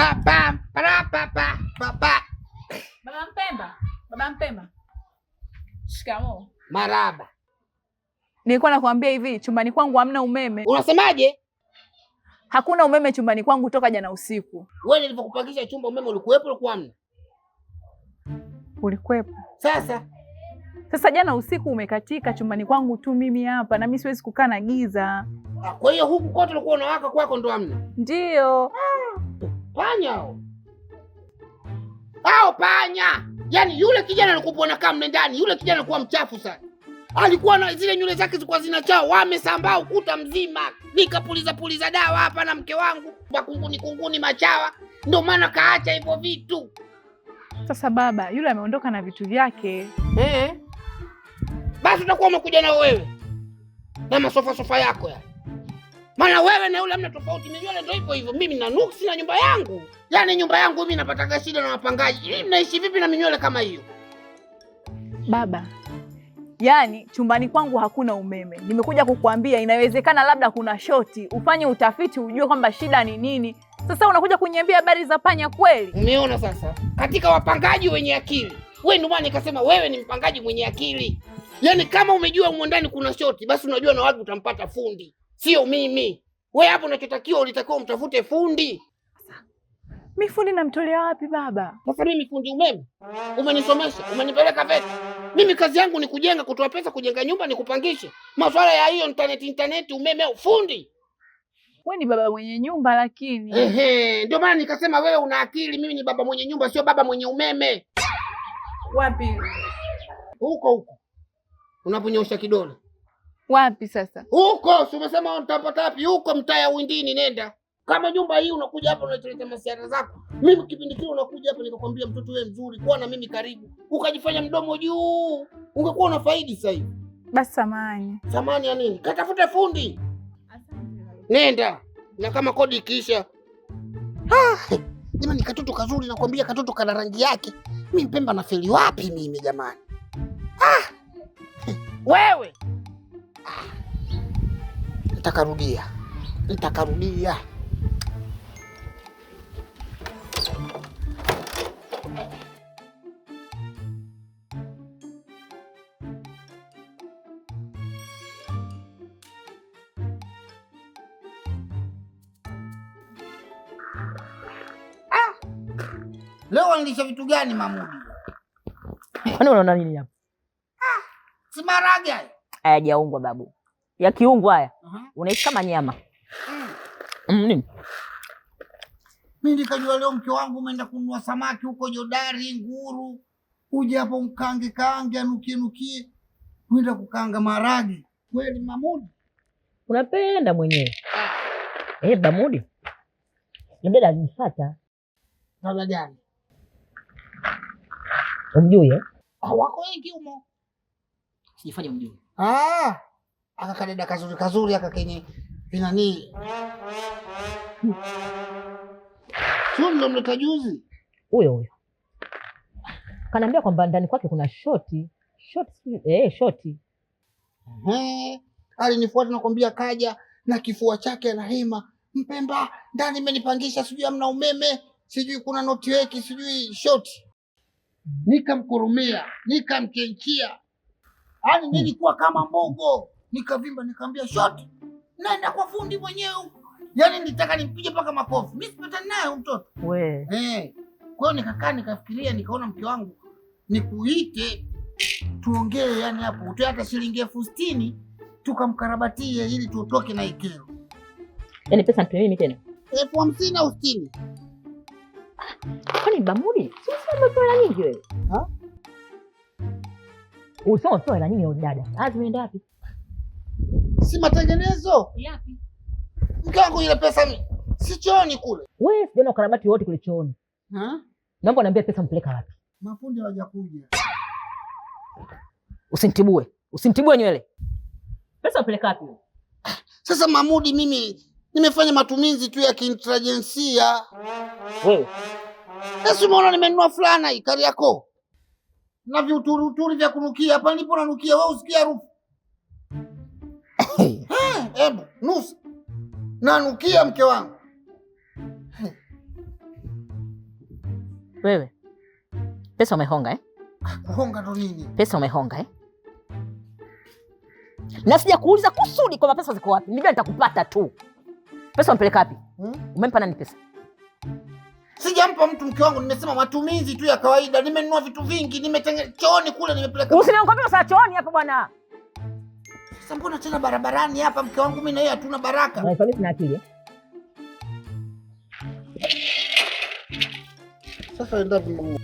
Baba Mpemba, baba Mpemba, Maraba. Nilikuwa nakwambia hivi, chumbani kwangu hamna umeme. Unasemaje? Hakuna umeme chumbani kwangu toka jana usiku. Wewe nilipokupangisha chumba umeme ulikuwepo, ulikuwa hamna? Ulikuwepo. Sasa sasa jana usiku umekatika chumbani kwangu tu mimi hapa, na mimi siwezi kukaa na giza. Ah, kwa hiyo huku kote ulikuwa unawaka, kwako ndo hamna? Ndio. Ah, Panya hao. Hao panya. yani yule kijana alikuwa na kama ndani, yule kijana alikuwa mchafu sana. Alikuwa na zile nywele zake zilikuwa zinachaa, wamesambaa ukuta mzima. Nikapuliza puliza dawa hapa na mke wangu, makunguni kunguni machawa. Ndio maana kaacha hivyo vitu. Sasa baba, yule ameondoka na vitu vyake. Eh. Basi utakuwa umekuja na wewe. Na masofa sofa yako ya. Maana wewe na yule mna tofauti, nywele ndio hivyo hivyo. Mimi na nuksi na nyumba yangu, yaani nyumba yangu mimi napataga shida na wapangaji. Mimi mnaishi vipi na minywele kama hiyo? Baba, yaani chumbani kwangu hakuna umeme. Nimekuja kukuambia inawezekana labda kuna shoti, ufanye utafiti ujue kwamba shida ni nini. Sasa unakuja kunyambia habari za panya kweli? Umeona sasa, katika wapangaji wenye akili wewe, ndio maana nikasema wewe ni mpangaji mwenye akili. Yaani kama umejua humo ndani kuna shoti, basi unajua na wapi utampata fundi sio mimi. We hapo unachotakiwa ulitakiwa umtafute fundi. Mi fundi namtolea wapi baba? Sasa mimi fundi umeme, umenisomesha umenipeleka pesa. Mimi kazi yangu ni kujenga, kutoa pesa, kujenga nyumba, ni kupangisha. Masuala ya hiyo intaneti, intaneti, umeme, fundi We ni baba mwenye nyumba lakini. Ehe, ndio maana nikasema wewe una akili. Mimi ni baba mwenye nyumba, sio baba mwenye umeme. Wapi? Huko huko unaponyosha kidole. Wapi sasa? Huko si umesema nitapata wapi? Huko mtaa ya Windini nenda. Kama nyumba hii unakuja hapa unaleta masiara zako. Mimi kipindi kile unakuja hapa nikakwambia mtoto wewe mzuri, kuwa na mimi karibu. Ukajifanya mdomo juu. Ungekuwa unafaidi sasa hivi. Basi samani. Samani ya nini? Katafute fundi. Nenda. Na kama kodi ikiisha. Jamani, katoto kazuri, nakwambia, katoto kana rangi yake. Mimi Mpemba nafeli wapi mimi jamani? Ah! Wewe Nitakarudia, nitakarudia. Ah! Leo wanilisha vitu gani Mamudi? Kwani unaona nini hapo? Ah, simarage hayajaungwa babu. Yakiungwa haya uh -huh. unaishi kama nyama mm. mm nikajua leo mke wangu umeenda kununua samaki huko Jodari, Nguru, uje hapo mkange kange, anukie nukie, uenda kukanga maragi kweli. Mamudi, unapenda mwenyewe eh? Bamudi nadada alinifata dada gani? Umjui eh? Ah, wako wengi humo, sijafanya mjui Ah, akakadada kazuri kazuri aka kenye vinanii sio mlomleta juzi huyo huyo kanaambia kwamba ndani kwake kuna shoti shoti, eh, shoti. Alinifuata nakwambia, kaja na kifua chake anahema Mpemba ndani imenipangisha, sijui amna umeme, sijui kuna notiweki, sijui shoti. Mm. Nikamkurumia, nikamchenchia Yaani hmm. nilikuwa kama mbogo, nikavimba, nikaambia shot naenda kwa fundi mwenyewe yani nitaka nilitaka nimpige mpaka makofi. Mimi sipatani naye mtoto. Eh. Kwa hiyo nikakaa nikafikiria, nikaona mke wangu nikuite tuongee, yani hapo utoe hata shilingi elfu sitini tukamkarabatie ili tuotoke na ikero. Yani pesa nipe mimi tena elfu hamsini au sitini? Ah, kwani bamuri sisi umepewa nyingi wewe? na dada. Sasa wapi? Si matengenezo. Yapi? Mke ile pesa ni si chooni kule. Wewe sijaona kule chooni. Ha? Naomba niambie pesa mpeleka wapi? Mafundi hawajakuja. nywele. Pesa mpeleka wapi? Sasa Mamudi, mimi nimefanya matumizi tu ya kiintrajensia. Wewe. Eh, Sasa umeona nimenunua fulana hii Kariakoo na viuturuturi vya kunukia. Hapa nipo nanukia, wewe usikia harufu hebu nusa nanukia mke wangu wewe. Pesa umehonga eh? Kuhonga ndo nini? Pesa umehonga eh? na sija kuuliza kusudi kwamba pesa ziko wapi, nijua nitakupata tu. Pesa umepeleka wapi? hmm? umempa nani pesa? Sijampa mtu mke wangu, nimesema matumizi tu ya kawaida. Nimenunua vitu vingi, nimetengeneza chooni kule, nimepeleka. Usiniongopee sasa chooni hapa bwana. Sasa mbona tena barabarani hapa, mke wangu mimi na yeye hatuna baraka. Na akili. Sasa enda mimi.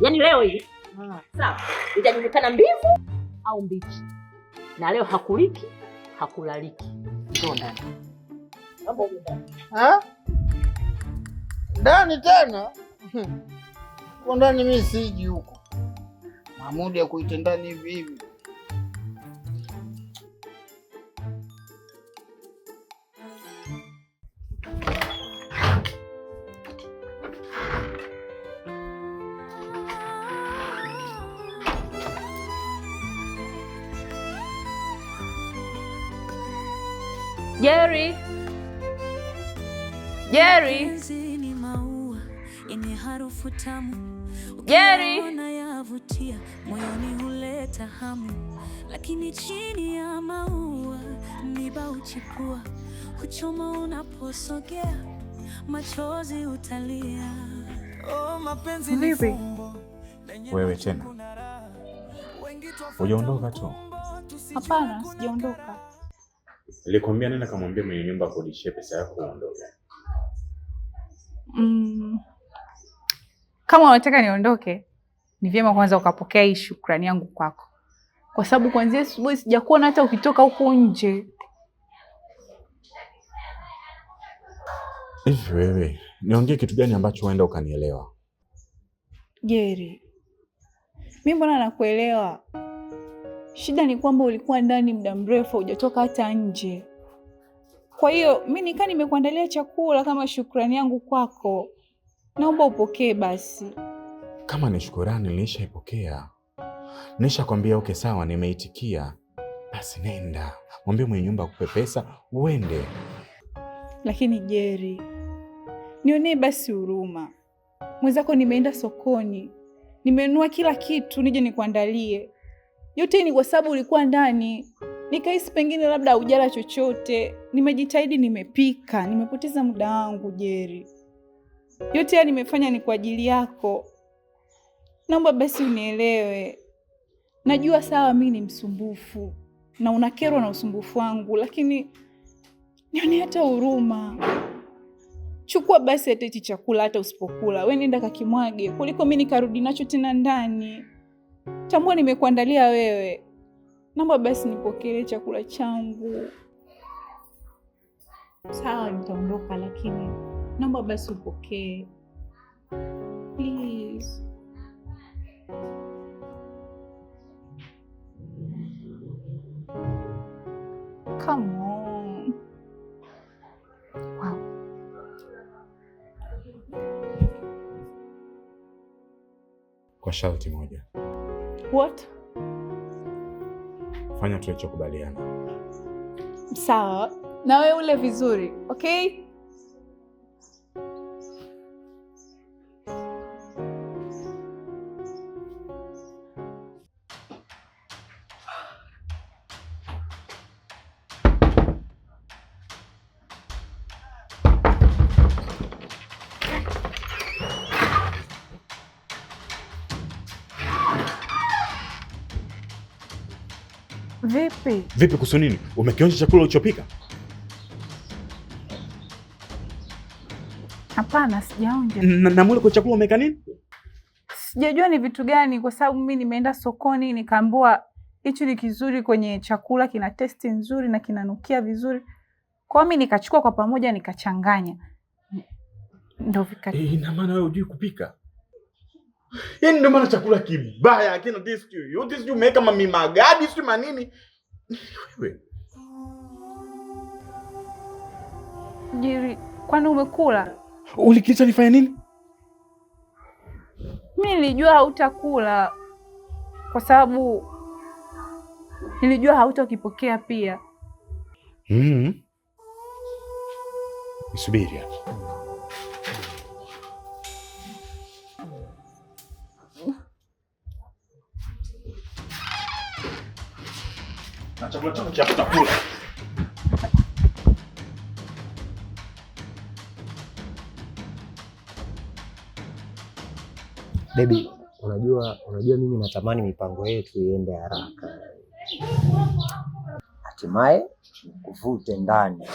Yaani leo hii. Ah. Sawa. Itajulikana mbivu au mbichi. Na leo hakuliki, hakulaliki. Ndio ndani. Mambo yote. Ha? ndani tena hmm. kwa ndani, mimi siji huko Mahmudi akuite ndani hivi hivi. Jerry. Jerry tamu Jerry yavutia moyoni huleta hamu, lakini chini ya maua miba uchipua kuchoma, unaposogea, machozi utalia. Oh, mapenzi ni fumbo. Wewe tena hujaondoka tu? Hapana, sijaondoka. Nilikwambia nenda kamwambia mwenye nyumba akodishie pesa yako uondoke. Mm. Kama unataka niondoke, ni vyema kwanza ukapokea hii shukrani yangu kwako, kwa sababu kuanzia asubuhi sijakuona hata ukitoka huko nje. Hivi wewe niongee kitu gani ambacho uenda ukanielewa? Jerry, mi mbona nakuelewa. Shida ni kwamba ulikuwa ndani muda mrefu, hujatoka hata nje. Kwa hiyo mi nikaa nimekuandalia chakula kama shukrani yangu kwako. Naomba upokee basi. Kama ni shukurani, nilishaipokea nishakwambia. Uke sawa, nimeitikia. Basi nenda mwambie mwenye nyumba akupe pesa uende. Lakini Jerry, nionee basi huruma mwenzako. Nimeenda sokoni, nimenunua kila kitu, nije nikuandalie. Yote ni kwa sababu ulikuwa ndani, nikahisi pengine labda ujala chochote. Nimejitahidi, nimepika, nimepoteza muda wangu Jerry. Yote haya nimefanya ni kwa ajili yako, naomba basi unielewe. Najua sawa, mi ni msumbufu na unakerwa na usumbufu wangu, lakini nione hata huruma. Chukua basi hata hichi chakula, hata usipokula we nenda kakimwage, kuliko mi nikarudi nacho tena ndani. Tambua nimekuandalia wewe, naomba basi nipokele chakula changu. Sawa, nitaondoka lakini naomba basi upokee please. Come on. Wow. Kwa sharti moja. What? Fanya tulichokubaliana. Sawa, na wewe ule vizuri, okay? Vipi kuhusu nini? Umekionja chakula ulichopika? Hapana, sijaonja. Na, na mule kwa chakula umeweka nini? Sijajua ni vitu gani, kwa sababu mimi nimeenda sokoni nikaambua hichi ni kizuri kwenye chakula, kina testi nzuri na kinanukia vizuri, kwa mimi nikachukua kwa pamoja nikachanganya, ndio vika. Eh, ina maana wewe hujui kupika? Yaani ndio maana chakula kibaya, akina testi yoyote, sijui umeweka mamimagadi, sijui manini wewe Jiri, kwani umekula? Ulikiita nifanye nini? Mi nilijua hautakula kwa sababu nilijua hautakipokea pia. mm -hmm. Subiri hapa. chakula chako cha kutakula. Baby, unajua unajua mimi natamani mipango yetu iende haraka, hatimaye kuvute ndani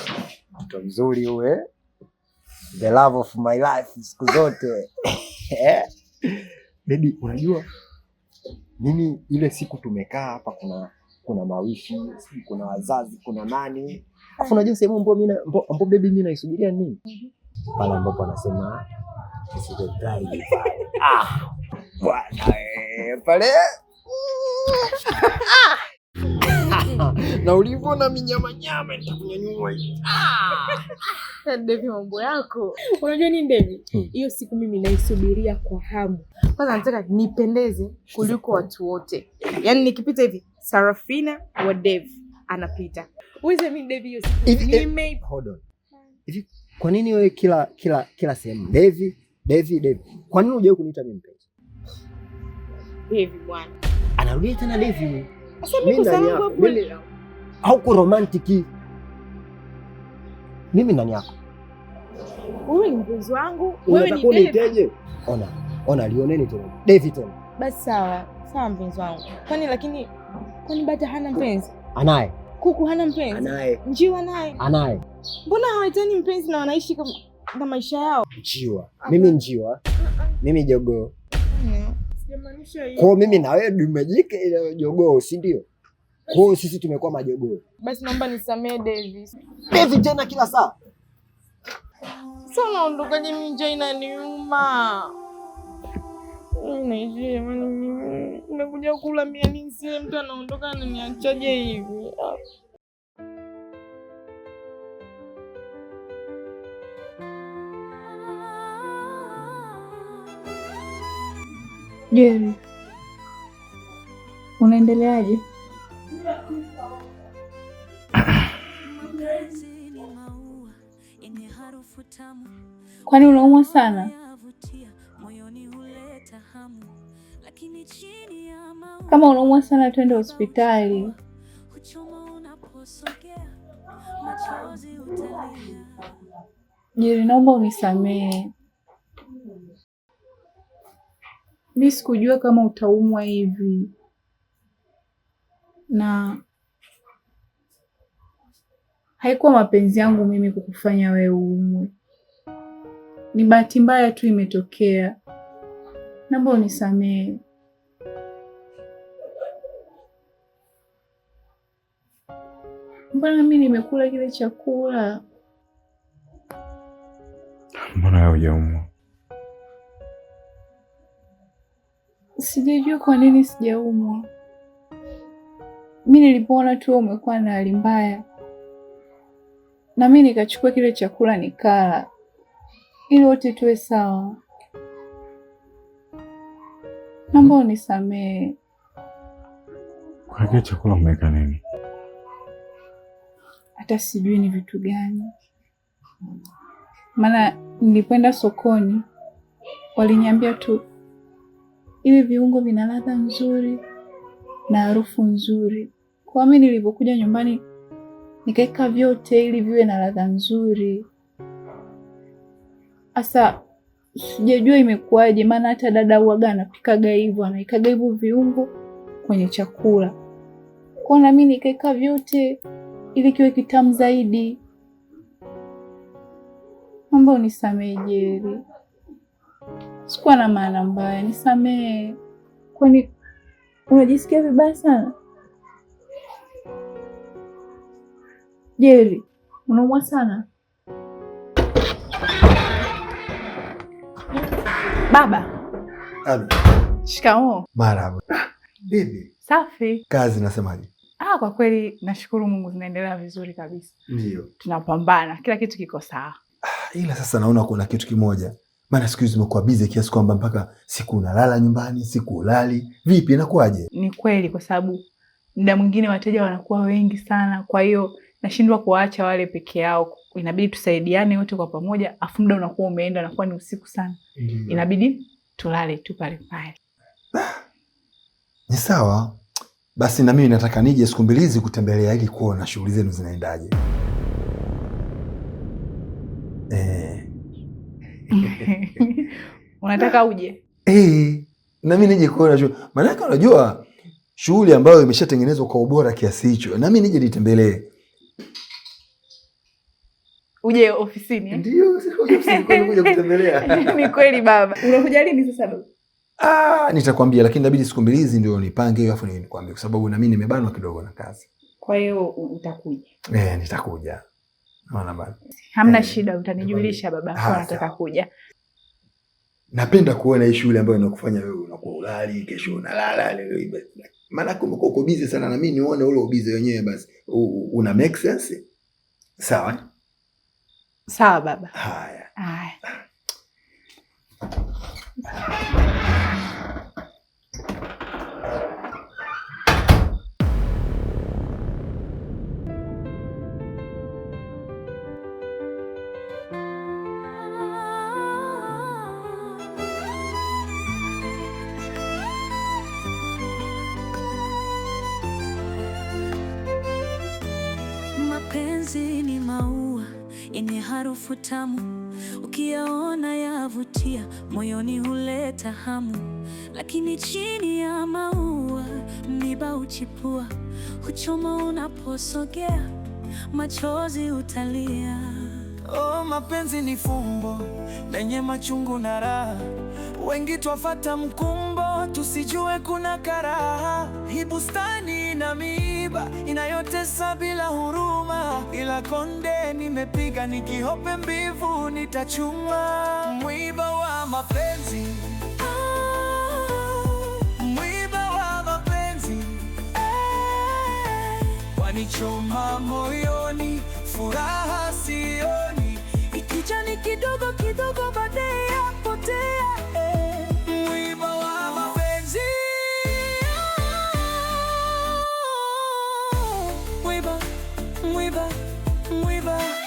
mtoto mzuri uwe the love of my life siku zote. Eh? Baby, unajua mimi ile siku tumekaa hapa kuna kuna mawifi, kuna wazazi, kuna nani. Afu unajua sehemu ambapo mimi ambapo baby mimi naisubiria nini? Pale ambapo anasema sio pride Ah. Bwana eh, pale na na minyama nyama nitakunyanyua. Ah, Ndevi mambo yako. Unajua nini ndevi? Hmm. hiyo hmm, siku mimi naisubiria kwa hamu. Kwanza nataka nipendeze kuliko hmm. watu wote, yaani nikipita hivi Sarafina wa Dev anapita. Eh, kwa nini wewe kila kila kila sehemu Devi Devi Devi? Kwa nini unajua kuniita mimi mpenzi? Devi bwana. Anarudia tena Devi. Hauko romantiki. Mimi ndani yako. Wewe ni mpenzi wangu, wewe ni Devi. Ona, ona lioneni tena. Devi tena. Basi sawa, sawa mpenzi wangu. Kwani lakini Kwani bata hana mpenzi? Anaye. Kuku hana mpenzi? Anaye. Njiwa naye? Anaye. Mbona hawatani mpenzi na wanaishi na maisha yao? Njiwa. Mimi njiwa. Mimi jogoo. Kwa mimi na wewe dume jike jogoo, si ndio? Kwa hiyo sisi tumekuwa majogoo. Basi naomba nisamee Davis. Davis tena kila saa. Sasa naondoka, mimi njaa inaniuma. Naishije Nimekuja kula miani sile, mtu anaondoka ananiachaje hivi? Jeri, unaendeleaje? Kwani unaumwa sana? Kama unaumwa sana, twende hospitali. Jiri, naomba unisamehe, mi sikujua kama utaumwa hivi, na haikuwa mapenzi yangu mimi kukufanya wewe uumwe, ni bahati mbaya tu imetokea. Naomba unisamehe. mbona mi nimekula kile chakula? Mbona wewe hujaumwa? Sijajua kwa nini sijaumwa. Mi nilipoona tu umekuwa na hali mbaya, na mi nikachukua kile chakula nikala, ili wote tuwe sawa. Naomba unisamehe. Kwa kile chakula umeweka nini? hata sijui ni vitu gani, maana nilipoenda sokoni waliniambia tu hivi viungo vina ladha nzuri na harufu nzuri. Kwa mimi nilivyokuja nyumbani nikaweka vyote ili viwe na ladha nzuri. Sasa sijajua imekuwaje, maana hata dada uaga anapikaga hivyo, anaikaga hivyo viungo kwenye chakula, kwa na mimi nikaweka vyote ili kiwe kitamu zaidi. Naomba unisamehe Jeri, sikuwa na maana mbaya, nisamehe. Kwani unajisikia vibaya sana Jeri? Unaumwa sana baba. Shikamoo. Marhaba. Bibi. Safi. Kazi nasemaje? Ah, kwa kweli nashukuru Mungu zinaendelea vizuri kabisa. Ndio. Tunapambana, kila kitu kiko sawa. Ah, ila sasa naona kuna kitu kimoja. Maana siku hizi umekuwa busy kiasi kwamba mpaka siku unalala nyumbani, siku ulali. Vipi inakuwaje? Ni kweli kwa sababu muda mwingine wateja wanakuwa wengi sana, kwa hiyo nashindwa kuwaacha wale peke yao. Inabidi tusaidiane wote kwa pamoja, afu muda unakuwa umeenda, unakuwa ni usiku sana. Ndio. Inabidi tulale tu pale pale. Ah, ni sawa basi na mimi nataka nije siku mbili hizi kutembelea ili kuona shughuli zenu zinaendaje. Eh. Unataka uje? Eh, na mimi nije kuona shughuli. Maanake unajua shughuli ambayo imeshatengenezwa kwa ubora kiasi hicho, na mimi nije nitembelee. Uje ofisini? Ndio, ofisini kwa kuja kutembelea. Ni kweli baba. Unakuja lini sasa baba? ah, nitakwambia, lakini inabidi siku mbili hizi ndio nipange hiyo, afu nikwambie, kwa sababu na mimi nimebanwa kidogo na kazi. Kwa hiyo utakuja? Eh, nitakuja. Naona bana, hamna eh, shida. Utanijulisha kwa ah, nataka kuja. Napenda kuona hii shule ambayo inakufanya wewe unakuwa ulali, kesho unalala, leo hii maana kumekuwa uko busy sana, na mimi nione ule ubizi wenyewe, basi una make sense. Sawa sawa, baba. Haya, haya. harufu tamu, ukiyaona yavutia, moyoni huleta hamu. Lakini chini ya maua miba uchipua huchoma unaposogea, machozi utalia. Oh, mapenzi ni fumbo lenye machungu na raha, wengi twafata mkumbo, tusijue kuna karaha. Hii bustani ina miiba inayotesa bila huruma ila konde nimepiga nikihope mbivu nitachuma. Mwiba wa mapenzi ah, mwiba wa mapenzi eh, wanichoma moyoni, furaha sioni, ikijani kidogo kidogo, baadaye yapotea. Muy va, muy va.